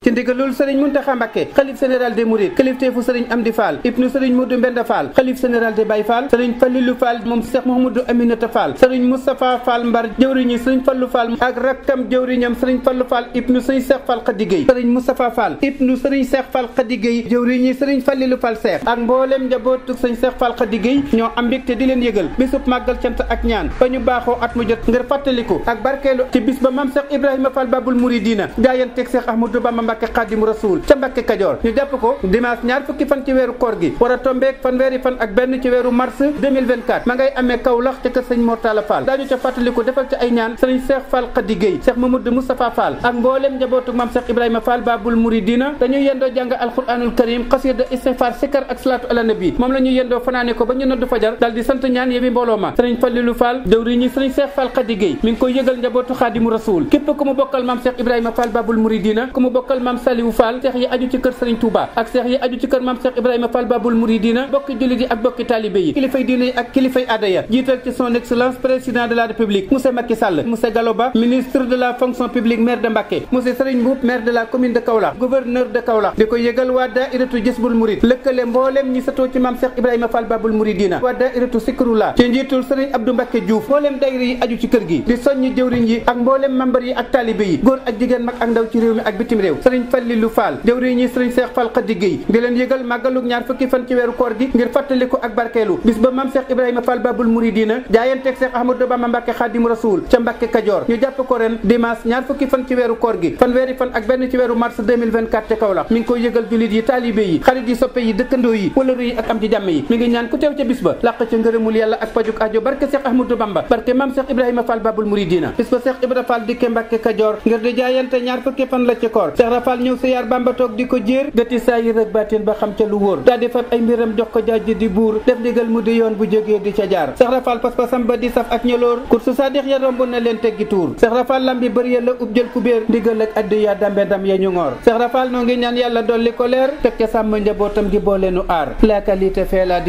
ci ndigalul sëriñ Muntaxa Mbàkke xalif général des Mourides xalifteefu sëriñ Amdi Fall ibnu sëriñ Modou Mbenda Fall xalif général des Baye Fall sëriñ Fallilu Fall moom Cheikh Mouhamadou Aminata Fall sëriñ Moustapha Fall Mbar jëwriñu sëriñ Fallu Fall ak rakkam jëwriñam sëriñ Fallu Fall ibnu sëriñ Cheikh Fall Khady Gueye sëriñ Moustapha Fall ibnu sëriñ Cheikh Fall Khady Gueye jëwriñu sëriñ Fallilu Fall Cheikh ak mbooleem njabootu sëriñ Cheikh Fall Khady Gueye ñoo am mbégte di leen ba ñu baaxoo at ba maam mbacke khadim rasoul ca mbacke kadior ñu jàpp ko dimanche ñaar fukki fan ci wéru koor gi war a fan wéri fan ak benn ci wéru mars 2024 ma ngay amé kaw lax ca kër sëñ Mortala Fall daañu ca fàttaliku defal ci ay ñaan sëriñ Cheikh Fall khadi gey Cheikh mamoud Moustapha Fall ak mbooleem njabootu mam Cheikh Ibrahima Fall Babul Mouridina dañu yendo jàng alquranul karim qasida istighfar sikkar ak salatu ala nabi mom lañu yendo fanane ko ba ñu noddu fajar dal di sant ñaan yebi mbolo ma sëriñ Fallilu Fall jëwri ñi sëriñ Cheikh Fall khadi gey mi ngi koy yëgal njabootu khadim rasoul képp ko mu bokal mam Cheikh Ibrahima Fall Babul Mouridina ko mu bokal Fall Mame Saliou Fall seex yi aju ci kër Serigne Touba ak seex yi aju ci kër mam Cheikh Ibrahima Fall Babul Mouridina bokk jullit yi ak bokk taalibé yi kilifay diine ak kilifay adaya ya ci son excellence président de la république monsieur Macky Sall monsieur galoba ministre de la fonction publique maire de Mbacké monsieur Serigne Mboup maire de la commune de kaoula gouverneur de kaoula diko yëgal wa dairatu Jësbul Mourid lëkkale mbooleem ñi sato ci mam Cheikh Ibrahima Fall Babul Mouridina waa daairatu Sikrula ci njiitul Serigne Abdou Mbacké Diouf mbooleem daayira yi aju ci kër gi di soñu jëwriñ yi ak mbooleem membre yi ak taalibé yi gor ak jigéen mak ak ndaw ci réew mi ak bitim réew sëriñ Seex Fall Xadi Géey di leen yëgal màggalug ñaar fukki fan ci weeru koor gi ngir fàttaliku ak barkeelu bis ba maam Seex Ibrahima Fall Babul Muridina jaayanteeg Seex Ahmadou Bamba Mbàkke Xaadim Rasuul ca Mbàkke Kajoor ñu jàpp ko ren dimanche ñaar fukki fan ci weeru koor gi fanweeri fan ak benn ci weeru mars 2024 te Kaolack mi ngi koy yëgal jullit yi taalibe yi xarit yi soppe yi dëkkandoo yi wëlëru yi ak am ji jàmm yi mi ngi ñaan ku teew ca bis ba Rafal ñew sa yar bamba tok diko jeer deti say rek batin ba xam ci lu woor dal di fat ay mbiram jox ko jajj di bur def digal mu di yoon bu jege di ca jaar Cheikh Rafal pas pas sam ba di saf ak ñelor kur su sadikh ya rombu na len teggi tour Cheikh Rafal lambi beuri ya la ub jël kubeer digal ak addu ya dambe dam ya ñu ngor Cheikh Rafal no ngi ñaan yalla dolli colère tek ca sam njabotam gi bolenu ar la qualité fela di